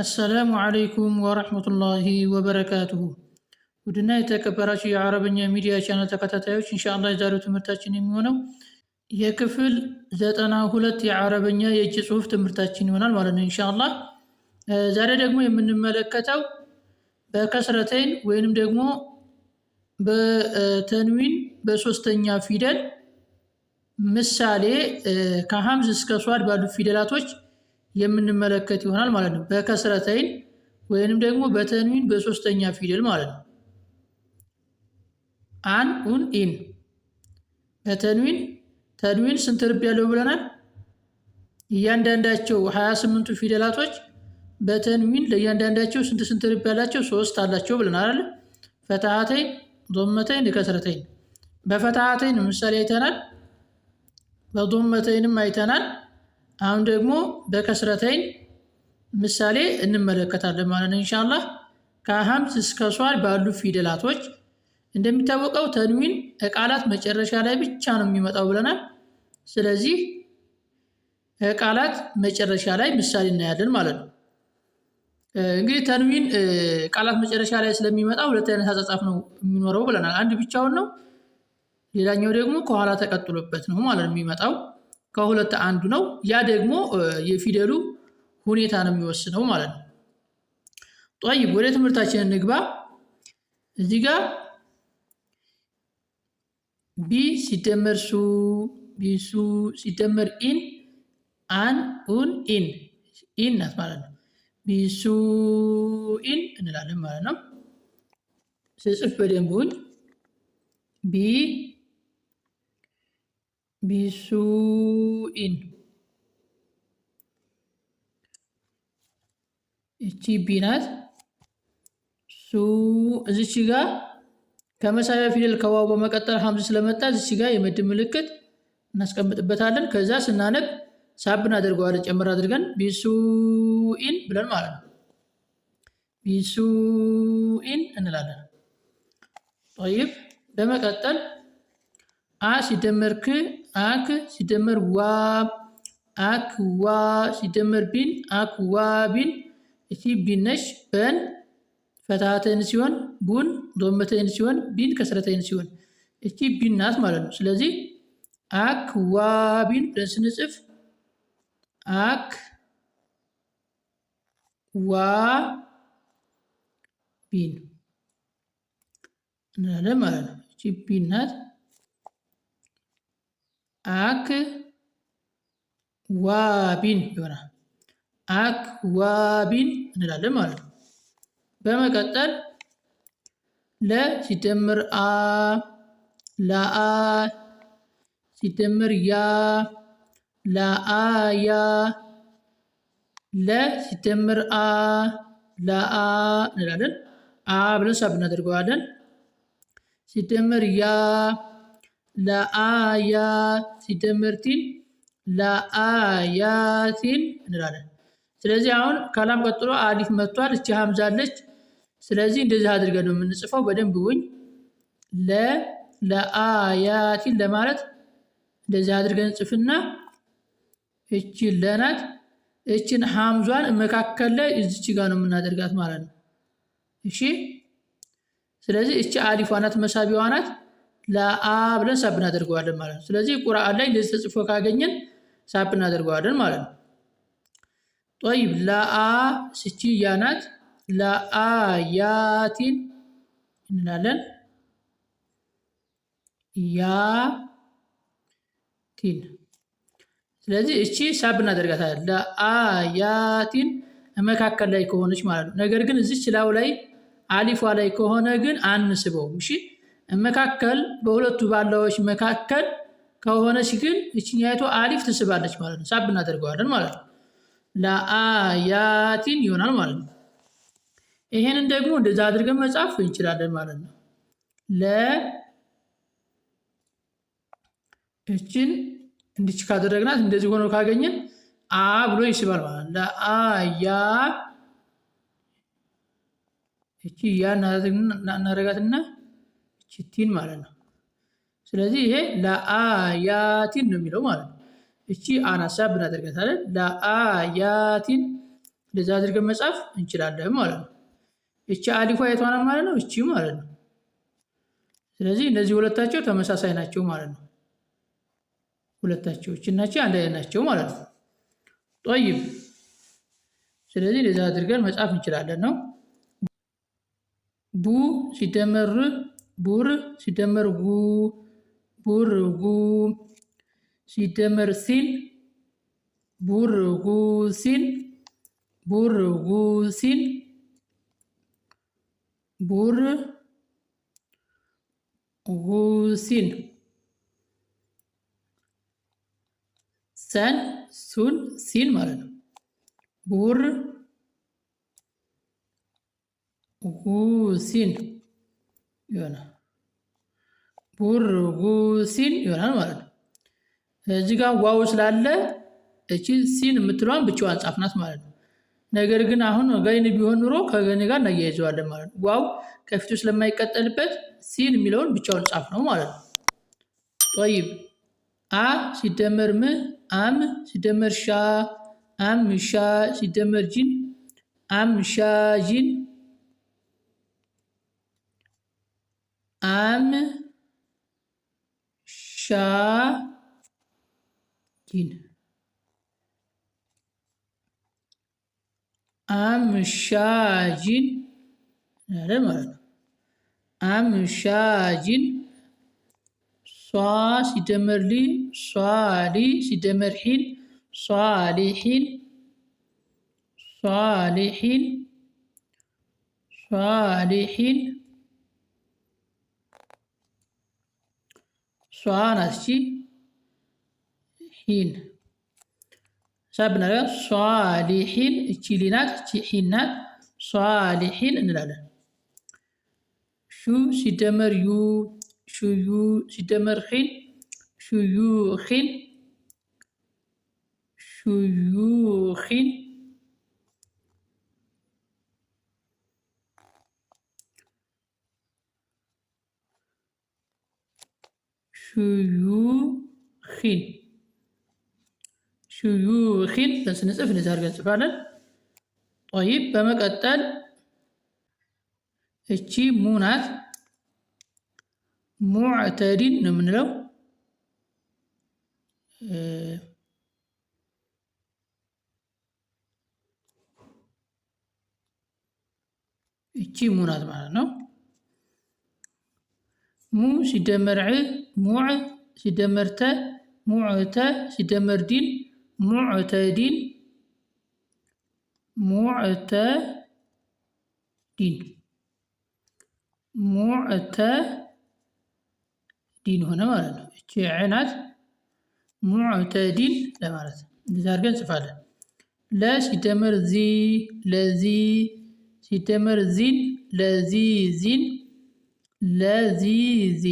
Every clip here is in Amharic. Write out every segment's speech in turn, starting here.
አሰላሙ ዓለይኩም ወረሕመቱላሂ ወበረካቱሁ። ውድና የተከበራችሁ የአረበኛ ሚዲያ ቻናል ተከታታዮች እንሻላ የዛሬው ትምህርታችን የሚሆነው የክፍል ዘጠና ሁለት የአረበኛ የእጅ ጽሑፍ ትምህርታችን ይሆናል ማለት ነው እንሻላ። ዛሬ ደግሞ የምንመለከተው በከስረተይን ወይንም ደግሞ በተንዊን በሶስተኛ ፊደል ምሳሌ ከሀምዝ እስከ ሷድ ባሉ ፊደላቶች የምንመለከት ይሆናል ማለት ነው። በከስረተይን ወይንም ደግሞ በተንዊን በሶስተኛ ፊደል ማለት ነው። አን ኡን ኢን በተንዊን ተንዊን ስንት ርብ ያለው ብለናል። እያንዳንዳቸው ሀያ ስምንቱ ፊደላቶች በተንዊን ለእያንዳንዳቸው ስንት ስንት ርብ ያላቸው ሶስት አላቸው ብለናል አለ ፈትሐተይን፣ ዶመተይን፣ ከስረተይን። በፈትሐተይን ምሳሌ አይተናል። በዶመተይንም አይተናል። አሁን ደግሞ በከስረተይን ምሳሌ እንመለከታለን ማለት ነው እንሻላ ከሀምስ እስከ ሷል ባሉ ፊደላቶች እንደሚታወቀው ተንዊን ቃላት መጨረሻ ላይ ብቻ ነው የሚመጣው ብለናል። ስለዚህ ቃላት መጨረሻ ላይ ምሳሌ እናያለን ማለት ነው። እንግዲህ ተንዊን ቃላት መጨረሻ ላይ ስለሚመጣ ሁለት አይነት አጻጻፍ ነው የሚኖረው ብለናል። አንድ ብቻውን ነው፣ ሌላኛው ደግሞ ከኋላ ተቀጥሎበት ነው ማለት የሚመጣው ከሁለት አንዱ ነው። ያ ደግሞ የፊደሉ ሁኔታ ነው የሚወስነው ማለት ነው። ጦይብ ወደ ትምህርታችን እንግባ። እዚህ ጋ ቢ ሲደመር ሱ ቢሱ ሲደመር ኢን አን ኡን ኢን ኢን ናት ማለት ነው። ቢሱ ኢን እንላለን ማለት ነው። ስጽፍ በደንብ ቢ ቢሱኢን እቺ ቢናት ሱ እዚች ጋ ከመሳቢያ ፊደል ከዋው በመቀጠል ሀምዝ ስለመጣ እዚች ጋ የምድብ ምልክት እናስቀምጥበታለን። ከዛ ስናነብ ሳብ እናደርገዋለን ጨምር አድርገን ቢሱኢን ብለን ማለት ነው። ቢሱኢን እንላለን። ጠይብ በመቀጠል አ ሲደመርክ አክ ሲደመር ዋ አክ ዋ ሲደመር ቢን አክ ዋ ቢን እቲ ቢነሽ በን ፈታተን ሲሆን ቡን ዶመተን ሲሆን ቢን ከስረተን ሲሆን እቺ ቢን ናት ማለት ነው። ስለዚህ አክ ዋ ቢን ብለን ስንጽፍ አክ ዋ ቢን እንላለን ማለት ነው። እቺ ቢን ናት። አክ ዋቢን ይሆናል። አክ ዋቢን እንላለን ማለት ነው። በመቀጠል ለ ሲደምር አ ላአ ሲደምር ያ ላአ ያ ለ ሲደምር አ ላአ እንላለን። አ ብለን ሳብ እናደርገዋለን። ሲደምር ያ ለአያ ሲደመርቲን ለአያቲን እንላለን። ስለዚህ አሁን ከላም ቀጥሎ አሊፍ መጥቷል። እቺ ሀምዛለች። ስለዚህ እንደዚህ አድርገን ነው የምንጽፈው። በደንብ ውኝ ለ ለአያቲን ለማለት እንደዚህ አድርገን ጽፍና እቺ ለናት እችን ሀምዟን መካከል ላይ እዚች ጋር ነው የምናደርጋት ማለት ነው። እሺ። ስለዚህ እቺ አሊፏ ናት፣ መሳቢያዋ ናት። ለአ ብለን ሳብ እናደርገዋለን ማለት ነው። ስለዚህ ቁርአን ላይ እንደዚህ ተጽፎ ካገኘን ሳብ እናደርገዋለን ማለት ነው። ጦይብ ለአ ስቺ ያናት ለአያቲን እንላለን። ያቲን ስለዚህ እቺ ሳብ እናደርጋታለን። ለአያቲን መካከል ላይ ከሆነች ማለት ነው። ነገር ግን እዚች ላው ላይ አሊፏ ላይ ከሆነ ግን አንስበውም። እሺ መካከል በሁለቱ ባላዎች መካከል ከሆነች ግን እችኛይቱ አሊፍ ትስባለች ማለት ነው። ሳብ እናደርገዋለን ማለት ነው። ለአያቲን ይሆናል ማለት ነው። ይሄንን ደግሞ እንደዛ አድርገን መጻፍ እንችላለን ማለት ነው። ለ እችን እንድች ካደረግናት እንደዚህ ሆኖ ካገኘን አ ብሎ ይስባል ማለት ነው። ለአያ እቺ ያ እናረጋትና እችቲን ማለት ነው። ስለዚህ ይሄ ለአያቲን ነው የሚለው ማለት ነው። እቺ አናሳ ብናደርጋታለን ለአያቲን እንደዛ አድርገን መጻፍ እንችላለን ማለት ነው። እቺ አሊፏ የቷናት ማለት ነው? እቺ ማለት ነው። ስለዚህ እነዚህ ሁለታቸው ተመሳሳይ ናቸው ማለት ነው። ሁለታቸው እችናቸው አንድ አይነት ናቸው ማለት ነው። ጦይብ ስለዚህ እንደዛ አድርገን መጻፍ እንችላለን ነው ቡ ሲደመር ቡር ሲደመር ጉ ቡርጉ ሲደመር ሲን ቡርጉ ሲን ቡርጉ ሲን ቡር ጉሲን ሰን ሱን ሲን ማለት ነው። ቡር ጉሲን ይሆናል። ሲን ይሆናል ማለት ነው። እዚህ ጋ ዋው ስላለ እቺ ሲን የምትለዋን ብቻዋን ጻፍ ናት ማለት ነው። ነገር ግን አሁን ገይን ቢሆን ኑሮ ከገይን ጋር እናያይዘዋለን ማለት ነው። ዋው ከፊቱ ስለማይቀጠልበት ሲን የሚለውን ብቻውን ጻፍ ነው ማለት ነው። ጠይብ አ ሲደመር ም አም ሲደመር ሻ አም ሻ ሲደመር ጂን አም ሻ ጂን am şakin. Am şacin. Nerede mi? Am şacin. Sa sidemirli, sali sidemirhin, salihin, salihin, salihin. সোয়ান আসছি حين سابنا نرى صالحين تشيلينات تشيحينات صالحين نلالا شو سيتمر يو شو يو سيتمر حين شو يو حين شو يو حين شيوخين شيوخين بس نصف نزار قلت فعلا طيب بما قتل اتشي مونات معتدين نمن لو اتشي مونات معنا نو مو شدمر ع مو ع شدمر ت مو ع ت شدمر دين مو ع ت دين مو ع ت دين مو ع ت دين هنا مالنا اتشي عينات مو ع ت دين لا مالت نزارقين سفاله لا شدمر زي لذي شدمر زين لذي زين لذيذ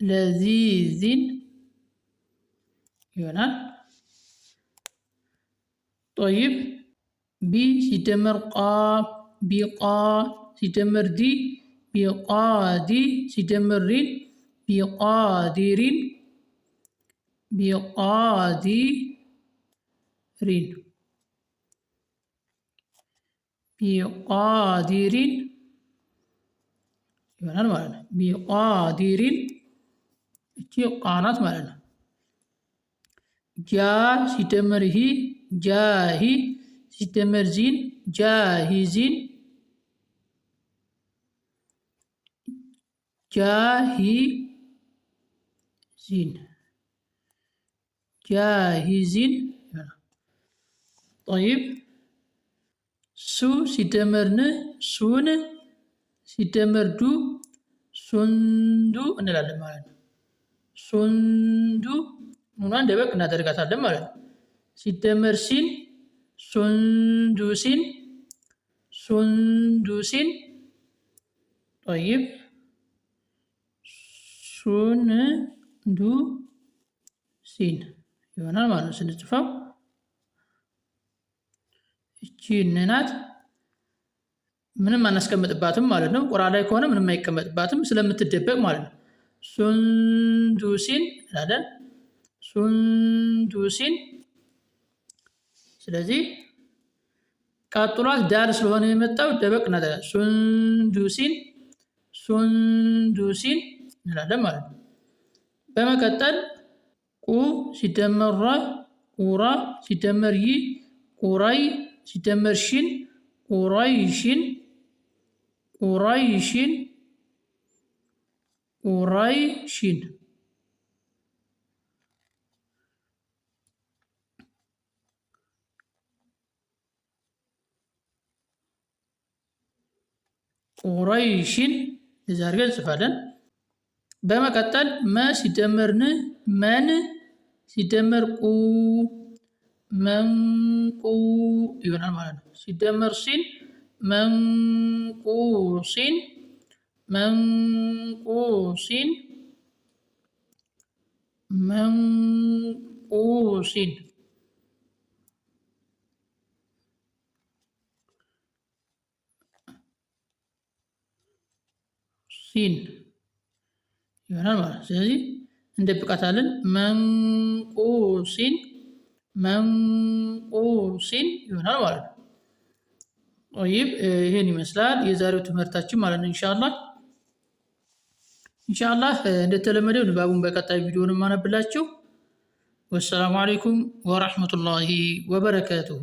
لذيذ يونان طيب ب ستمر قا بقا ستمر دي بقادي ستمر رين بقادر بقادي بی قادرین یعنی مرن بی قادرین قانات مرن جا ستمر جا ہی زین جا جا ጠይብ ሱ ሲደመር ን ሱን ሲደመር ዱ ሱንዱ እንላለን ማለት ነው። ሱንዱ ኑኗን ደበቅ እናደርጋታለን ማለት ነው። ሲደመር ሲን ሲን ሱንዱሲን ሲን ጠይብ ሱንዱ ሲን ይሆናል ማለት ነው ስንጽፈው ጂን ምንም አናስቀምጥባትም ማለት ነው። ቁራ ላይ ከሆነ ምንም አይቀመጥባትም ስለምትደበቅ ማለት ነው። ሱንዱሲን እንላለን። ሱንዱሲን ስለዚህ ቀጥሏት ዳል ስለሆነ የመጣው ደበቅ እናደርጋለን። ሱንዱሲን ሱንዱሲን እንላለን ማለት ነው። በመቀጠል ቁ ሲደመር ራ ቁራ ሲደመር ይ ቁራይ ሲደመር ሽን ቁረይሽን ቁረይሽን ቁረይሽን ቁረይሽን እዚህ አድርገን እንጽፋለን። በመቀጠል መ ሲደመር ን መን ሲደመር ቁ mengku yunan malan sida mersin mengkusin mengkusin mengkusin sin yunan malan jadi ini perkataan mengkusin mengkusin መንቁሲን ይሆናል ማለት ነው። ይብ ይህን ይመስላል የዛሬው ትምህርታችን ማለት ነው። እንሻላ ኢንሻአላህ እንደተለመደው ንባቡን በቀጣይ ቪዲዮ ማነብላችሁ። ወሰላሙ አሌይኩም ወራህመቱላሂ ወበረካቱሁ።